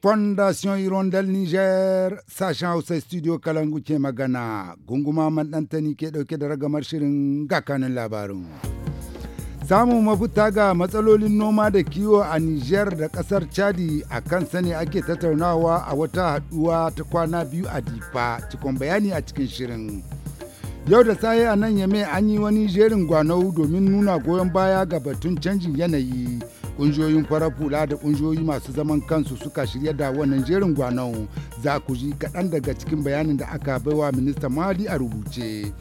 Fondation irondel Niger sashen Hausa Studio Kalangu ke magana gunguma tani ke dauke da ragamar shirin gakanin labarin. Samun mafuta ga matsalolin noma da kiwo a Niger da kasar Chadi a kan sani ake tattaunawa a wata haduwa ta kwana biyu a Difa cikon bayani a cikin shirin. Yau da saye a nan Yame an yi wani jerin gwanau domin nuna goyon baya ga batun canjin yanayi. kungiyoyin farar fula da kungiyoyi masu zaman kansu suka shirya da wannan jerin gwanon za ku ji kaɗan daga cikin bayanin da aka bai wa Minista mali a rubuce.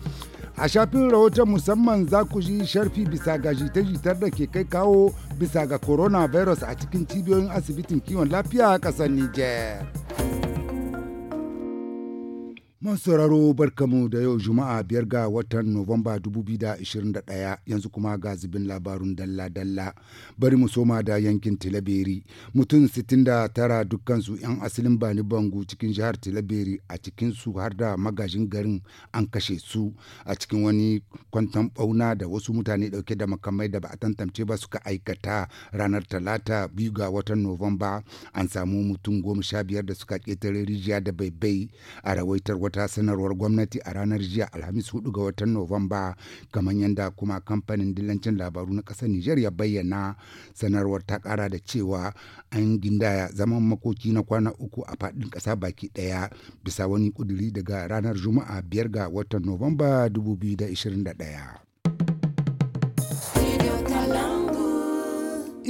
a shafin rahoton musamman za ku ji sharfi bisa ga jita-jitar da ke kai kawo bisa ga coronavirus a cikin cibiyoyin asibitin kiwon lafiya a ƙasar Niger. Man sauraro barkamu da yau Juma'a biyar ga watan Nuwamba 2021 yanzu kuma ga zubin labarun dalla-dalla bari mu soma da yankin Tilaberi. Mutum 69 dukkansu 'yan asalin Bani Bangu cikin jihar Tilaberi a cikin su har da magajin garin an kashe su a cikin wani kwantan bauna da wasu mutane dauke da makamai da ba a tantance ba suka aikata ranar talata biyu ga watan Nuwamba an samu mutum goma sha biyar da suka ketare rijiya da baibai a rawaitar wata ta sanarwar gwamnati a ranar jiya Alhamis 4 ga watan Nuwamba kamar yadda kuma kamfanin dillancin labaru na ƙasar Nijar ya bayyana sanarwar ta ƙara da cewa an gindaya zaman makoki na kwana uku a faɗin ƙasa baki ɗaya bisa wani ƙuduri daga ranar Juma'a 5 ga watan Nuwamba 2021.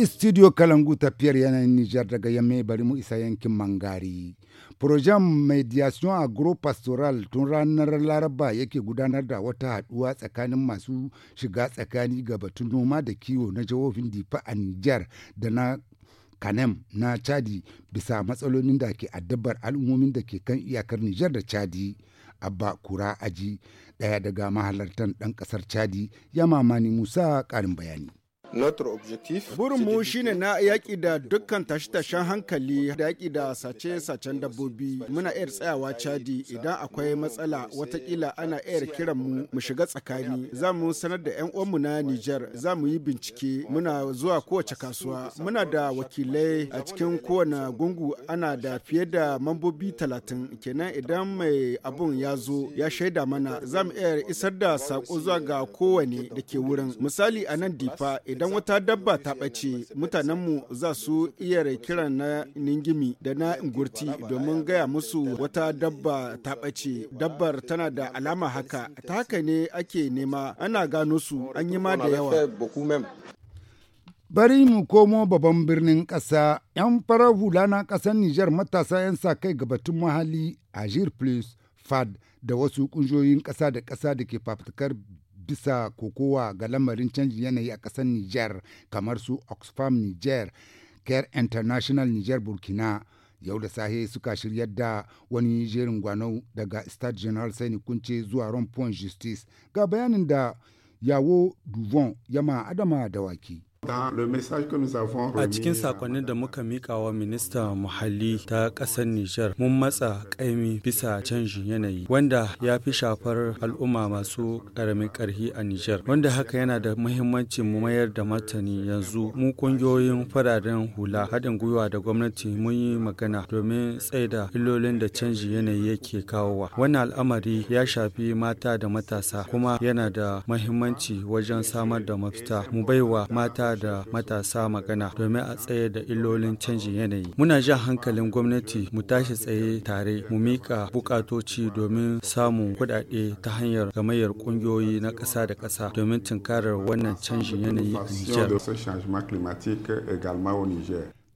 studio kalangu tafiyar yanayin Nijar daga yamme bari mu isa yankin Mangari. Projen Mediation Agro-Pastoral tun ranar Laraba yake gudanar da wata haɗuwa tsakanin masu shiga tsakani ga batun noma da kiwo na jihohin Difa a Nijar da na kanem na Chadi bisa matsalolin da ke addabar al'ummomin da ke kan iyakar Nijar da Chadi. Abba Kura Aji, ɗaya daga mahalartan dan ƙasar Chadi, ya mamani Musa karin bayani. Burinmu shine na yaƙi da dukkan tashe-tashen hankali da yaƙi da sace-sacen dabbobi. Muna iya tsayawa cadi idan akwai matsala watakila ana iya kiran mu mu shiga tsakani. Za mu sanar da 'yan uwanmu na Nijar, za mu yi bincike, muna zuwa kowace kasuwa. Muna da wakilai a cikin kowane gungu ana da fiye da mambobi talatin. Kenan idan mai abun ya zo ya shaida mana za mu iya isar da saƙo zuwa ga kowane da ke wurin. Misali a nan difa idan Idan wata dabba ta ɓace, mutanenmu za su iya kiran na ningimi da na ingurti domin gaya musu wata dabba ta ɓace. Dabbar tana da alama haka, ta haka ne ake nema ana gano su an yi ma da yawa. Bari mu komo babban birnin ƙasa, ‘yan farar hula na ƙasar Nijar matasa ‘yan sa kai gabatun muhalli Agir Plus, FAD da wasu ƙungiyoyin ƙasa da ƙasa da ke fafutukar bisa kokowa ga lamarin canji yanayi a ƙasar niger kamar su Oxfam niger Care International niger Burkina. Yau da sahe suka shiryar da wani jerin gwanau daga State General Sani Kunce zuwa Rompon Justice ga bayanin da Yawo Duvon Yama Adama Dawaki. A cikin sakonnin da muka mika wa minista muhalli ta ƙasar Nijar mun matsa ƙaimi bisa canjin yanayi wanda ya fi shafar al'umma masu ƙaramin ƙarhi a Nijar wanda haka yana da muhimmanci mu mayar da martani yanzu mu ƙungiyoyin fararen hula haɗin gwiwa da gwamnati mun yi magana domin tsaida illolin da canji yanayi yake kawowa. wani al'amari ya shafi mata da matasa kuma yana da muhimmanci wajen samar da mafita mu baiwa mata da matasa magana domin a tsaye da illolin canjin yanayi. Muna ja hankalin gwamnati mu tashi tsaye tare mu mika bukatoci domin samun kuɗaɗe ta hanyar gamayyar ƙungiyoyi na ƙasa da ƙasa domin tunkarar wannan canjin yanayi a niger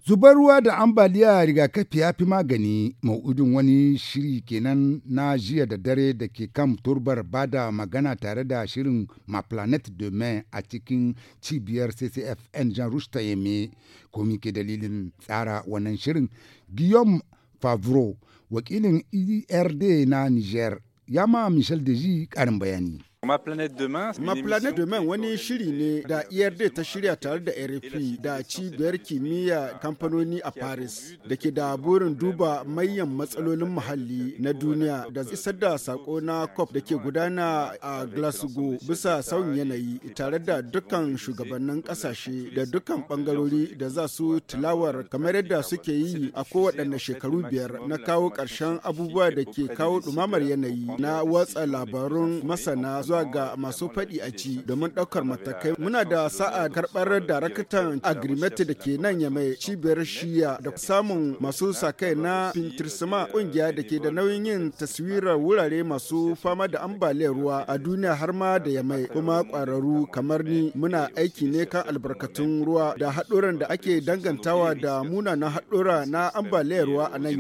Zubar ruwa da ambaliya rigakafi ya fi magani ma'udin wani shiri kenan na jiya da dare da ke kan turbar bada magana tare da shirin maplanet Planet Domain a cikin cibiyar CCF N Jan Rushta Yeme komi ke dalilin tsara wannan shirin. Guillaume Favreau, wakilin ERD na Niger, ya ma Michel Deji karin bayani. Ma Planète Demain, Ma wani shiri ne da IRD e ta shirya tare da RFP da cibiyar kimiyya kamfanoni a Paris da ke da burin duba manyan matsalolin muhalli na duniya da isar da sako na COP da ke gudana a Glasgow bisa sauyin yanayi tare da dukkan shugabannin kasashe da dukkan bangarori da za su tilawar kamar yadda suke yi a kowaɗanne shekaru biyar na kawo ƙarshen abubuwa da ke kawo ɗumamar yanayi na watsa labarun masana zuwa ga masu faɗi a ci domin ɗaukar matakai muna da sa'a karɓar daraktan agrimeti da ke nan ya mai cibiyar shiya da samun masu sakai na pintrisma ƙungiya da ke da nauyin yin taswirar wurare masu fama da ambaliyar ruwa a duniya har ma da ya mai kuma ƙwararru kamar ni muna aiki ne kan albarkatun ruwa da haɗuran da ake dangantawa da munanan haɗura na ambaliyar ruwa a nan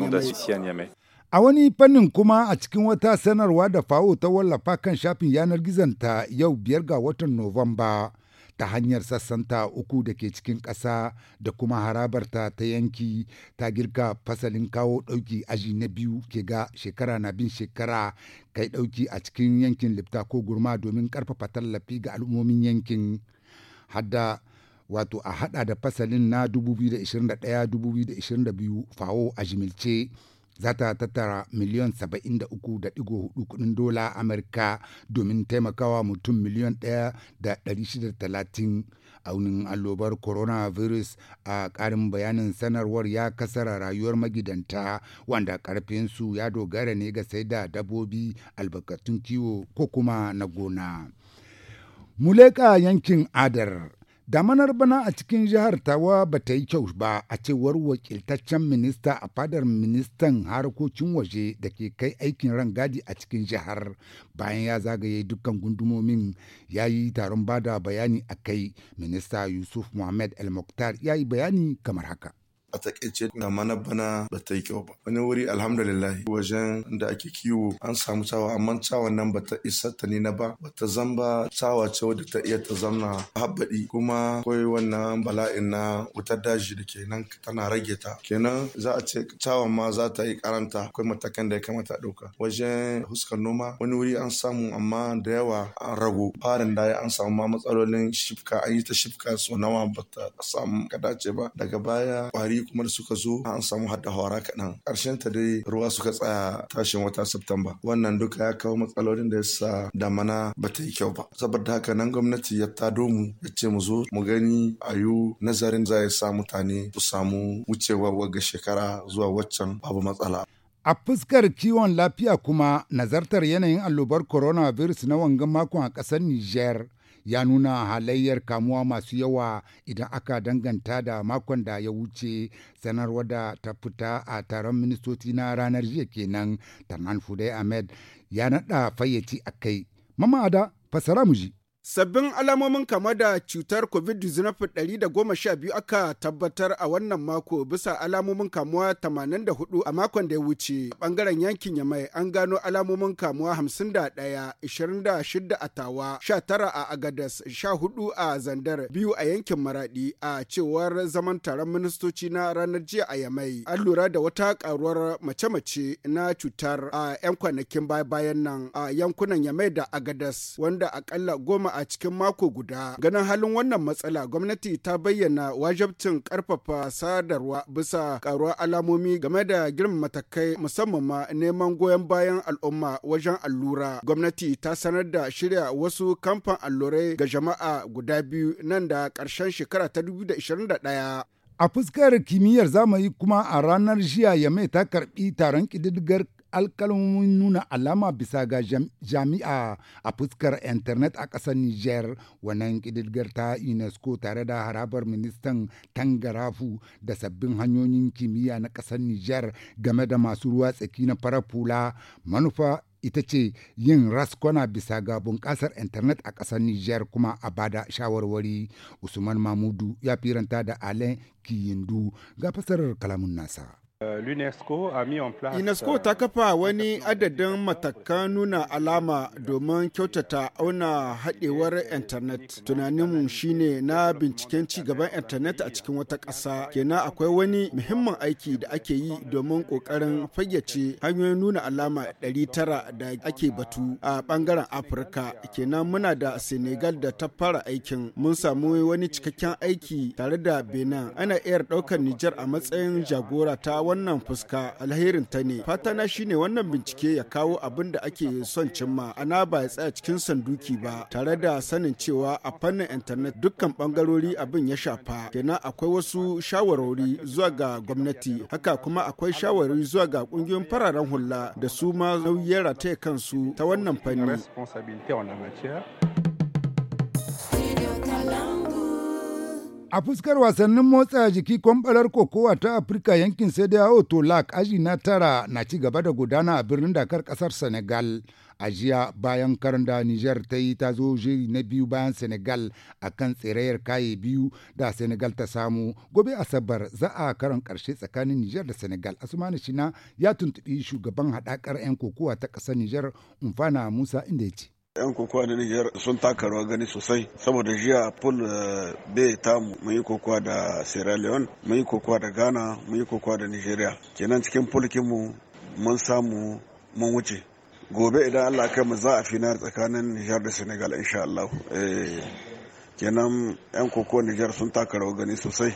ya mai. A wani fannin kuma a cikin wata sanarwa da fawo ta wallafa kan shafin yanar gizonta yau biyar ga watan Nuwamba ta hanyar sassanta uku da ke cikin ƙasa da kuma harabarta ta yanki ta girka fasalin kawo ɗauki aji na biyu ke ga shekara na bin shekara kai ɗauki a cikin yankin lipta ko gurma domin ƙarfafa tallafi ga al'ummomin yankin. Hadda wato a hada da fasalin na 2021-2022 fawo a jimilce za ta tattara miliyon 73.4 kudin dola amurka domin taimakawa mutum miliyon 1,630 aunin allobar coronavirus a karin bayanin sanarwar ya kasara rayuwar magidanta wanda karfinsu ya dogara ne ga sai da dabobi albarkatun kiwo ko kuma na gona. Muleka yankin Adar Damanar bana a cikin jihar Tawa ba ta yi kyau ba a cewar wakiltaccen minista a fadar ministan harkokin waje da ke kai aikin rangadi a cikin jihar bayan ya zagaye dukkan gundumomin ya yi taron bada bayani a kai minista Yusuf Muhammad El Mokhtar ya yi bayani kamar haka. a takaice amma mana bana ba ta yi kyau ba wani wuri alhamdulillah wajen da ake kiwo an samu cawa amma cawa nan ba ta isa ta ne na ba ba ta zamba cawa ce wadda ta iya ta zamna habbadi kuma koyi wannan bala'in na wutar daji da kenan tana rage ta kenan za a ce cawa ma za ta yi karanta akwai matakan da ya kamata a ɗauka wajen huskar noma wani wuri an samu amma da yawa an rago farin da an samu ma matsalolin shifka an yi ta shifka so nawa ba ta samu kadace ba daga baya kwari kuma da suka zo an samu hada hawara kaɗan ƙarshen ta dai ruwa suka tsaya tashin wata Septemba wannan duka ya kawo matsalolin da yasa damana ba ta yi kyau ba saboda haka nan gwamnati ya ta domu ya ce mu zo mu gani ayu nazarin za ya sa mutane su samu wucewa waga shekara zuwa waccan babu matsala. A fuskar kiwon lafiya kuma nazartar yanayin allobar coronavirus na wangan makon a ƙasar niger. ya nuna halayyar kamuwa masu yawa idan aka danganta da makon da ya wuce sanarwar da ta fita a taron ministoci na ranar jiya kenan tarnan fudai ahmed ya naɗa fayyaci a kai mama ada fasara mu ji Sabbin alamomin kama da cutar COVID-19 biyu aka tabbatar a wannan mako bisa alamomin kamuwa 84 a makon da ya wuce. Bangaren yankin Yamai an gano alamomin kamuwa 51, 26 a Tawa, 19 a Agadas, 14 a Zandar, biyu a yankin Maradi a cewar zaman taron ministoci na ranar jiya a Yamai. An lura da wata karuwar mace-mace na cutar a 'yan kwanakin bayan nan a yankunan Yamai da Agadas wanda akalla goma a cikin mako guda. Ganin halin wannan matsala gwamnati ta bayyana wajabcin karfafa sadarwa bisa karuwar alamomi game da girman matakai musamman ma neman goyon bayan al'umma wajen allura. Gwamnati ta sanar da shirya wasu kamfan allurai ga jama'a guda biyu nan da karshen shekara ta 2021. A fuskar kimiyyar zamani kuma a ranar jiya Yamai ta karbi taron ƙididdigar alkalmomin nuna alama bisa ga jami'a a fuskar intanet a ƙasar niger wannan ƙididgar ta UNESCO tare da harabar ministan Tangarafu da sabbin hanyoyin kimiyya na ƙasar niger game da masu ruwa tsaki na farar fula manufa ita ce yin raskwana bisa ga bunƙasar intanet a ƙasar niger kuma a bada shawarwari Usman Mamudu ya firanta da Alain Kiyindu ga fasarar kalamun nasa. UNESCO ta kafa wani adadin matakan nuna alama domin kyautata auna haɗewar intanet. Tunaninmu shine na binciken ci gaban intanet a cikin wata ƙasa. Kenan akwai wani muhimmin aiki da ake yi domin ƙoƙarin fayyace hanyoyin nuna alama 900 da ake batu a ɓangaren Afirka. Kenan muna da Senegal da ta fara aikin. Mun samu wani cikakken aiki tare da Benin. Ana iya ɗaukar Nijar a matsayin jagora ta wannan fuska alherin ta ne fatana shine wannan bincike ya kawo abin da ake son cimma ana ba ya tsaya cikin sanduki ba tare da sanin cewa a fannin intanet dukkan bangarori abin ya shafa kenan akwai wasu shawarwari zuwa ga gwamnati haka kuma akwai shawarori zuwa ga kungiyoyin fararen hula da su ma nauyin rataya kansu ta wannan fanni A fuskar wasannin motsa jiki kwambalar kokowa ta Afirka yankin Sadiya Tolak aji na tara na ci gaba da gudana a birnin Dakar kasar Senegal. A jiya bayan karin da Nijar ta yi ta zo jiri na biyu bayan Senegal a kan tsirayar kaye biyu da Senegal ta samu. Gobe Asabar za a karon karshe tsakanin Nijar da Senegal. Asmani Shina ya tuntuɓi shugaban haɗakar 'yan kokowa ta ƙasar Nijar Umfana Musa inda ya ce. 'yan kokowa da Nijar sun taka rawa gani sosai saboda jiya pool eh, bai ta mu yi kokowa da Sierra Leone mun yi kokowa da Ghana mun yi kokowa da Nigeria kenan cikin pulkin mu mun samu mun wuce gobe idan Allah kai mu za a finar tsakanin Nijar da Senegal insha Allah eh, kenan 'yan kokowa Nijar sun taka rawa gani sosai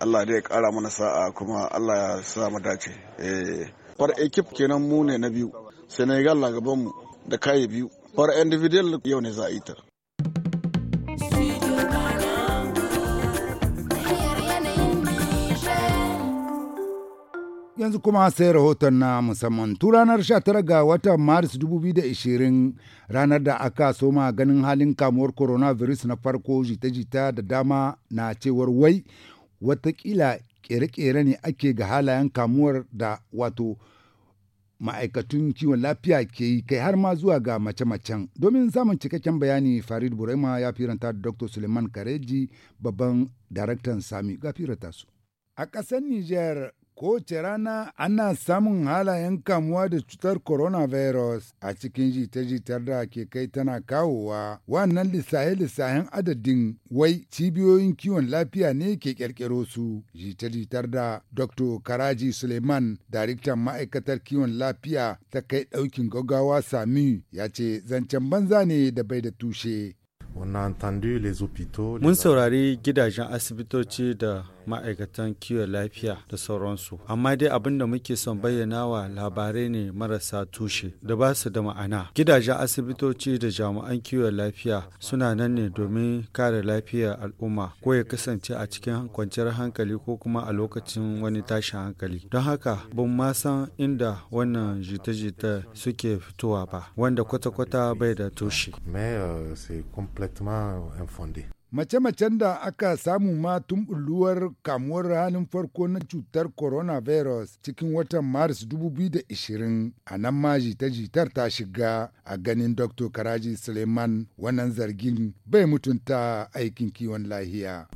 Allah dai ya kara mana sa'a kuma Allah ya sa mu dace far eh. ekip kenan mu ne na biyu Senegal na gaban mu da kaye biyu for individual yau ne za a yi ta yanzu kuma sai rahoton na musamman tu ranar 19 ga watan maris 2020 ranar da aka soma ganin halin kamuwar coronavirus na farko jita-jita da dama na cewar wai watakila kere-kere ne ake ga halayen kamuwar da wato ma'aikatun kiwon lafiya ke yi kai har ma zuwa ga mace-macen domin samun cikakken bayani farid burema ya firanta da dr suleiman kareji babban daraktan sami ga firanta su a ƙasar niger kowace rana ana samun halayen kamuwa da cutar coronavirus a cikin jita-jitar da ke kai tana kawowa wannan lissahe-lissahen adadin wai cibiyoyin kiwon lafiya ne ke kirkiro su jita-jitar da dr karaji suleiman daraktan ma'aikatar kiwon lafiya ta kai ɗaukin gaggawa sami ya ce zancen banza ne da bai da tushe Mun saurari gidajen asibitoci da ma'aikatan kiwon lafiya da sauransu amma dai abin da muke son bayyana wa labarai ne marasa tushe da ba su da ma'ana gidajen asibitoci da jami'an kiwon lafiya suna nan ne domin kare lafiyar al'umma ko ya kasance a cikin kwanciyar hankali ko kuma a lokacin wani tashin hankali don haka ban ma san inda wannan jita-jita suke fitowa ba wanda kwata-kwata bai da tushe. Euh, Mace-macen da aka samu ma tun bulluwar kamuwar ranar farko na cutar coronavirus cikin watan Maris 2020 a nan ma jita-jitar ta shiga a ganin Dr. Karaji Suleiman wannan zargin bai mutunta aikin kiwon lahiya.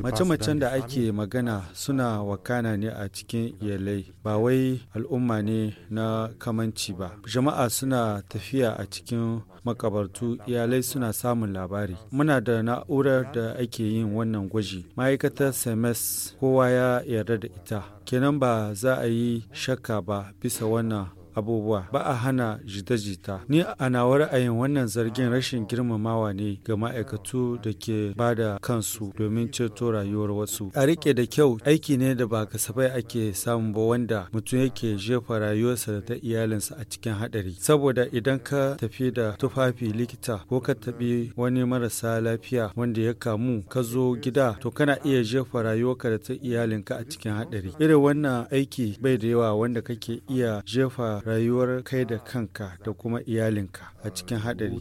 Mace-macen da ake magana suna wakana ne a cikin iyalai ba wai al'umma ne na kamanci ba. Jama'a suna tafiya a cikin makabartu iyalai suna samun labari. muna da na'urar da ake yin wannan gwaji ma'aikatar sms kowa ya yarda da ita kenan ba za a yi shakka ba bisa wannan abubuwa ba a hana jita-jita ni a nawa ra'ayin wannan zargin rashin girmamawa ne ga ma'aikatu da ke ba da kansu domin ceto rayuwar wasu a rike da kyau aiki ne da ba kasafai ake samu ba wanda mutum yake jefa rayuwarsa da ta iyalinsa a cikin haɗari saboda idan ka tafi da tufafi likita ko ka taɓi wani marasa lafiya wanda ya kamu ka zo gida to kana iya jefa rayuwarka da ta iyalinka a cikin haɗari irin wannan aiki bai da yawa wanda kake iya jefa rayuwar kai da kanka da kuma iyalinka a cikin haɗari.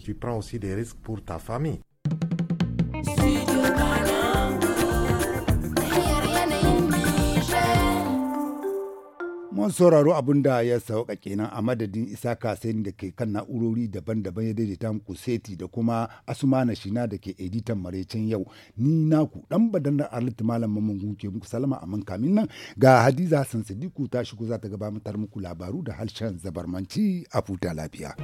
masu sauraro abin da ya sauka kenan a madadin isa sayin da ke kan na'urori daban-daban ya daidaita muku seti da kuma asumana shina da ke editan maraicen yau ni naku dan badan da arlit malam ke muku salama a man kamin nan ga hadiza hassan sadiku ta shigo za ta gabatar muku labaru da harshen zabarmanci a futa lafiya.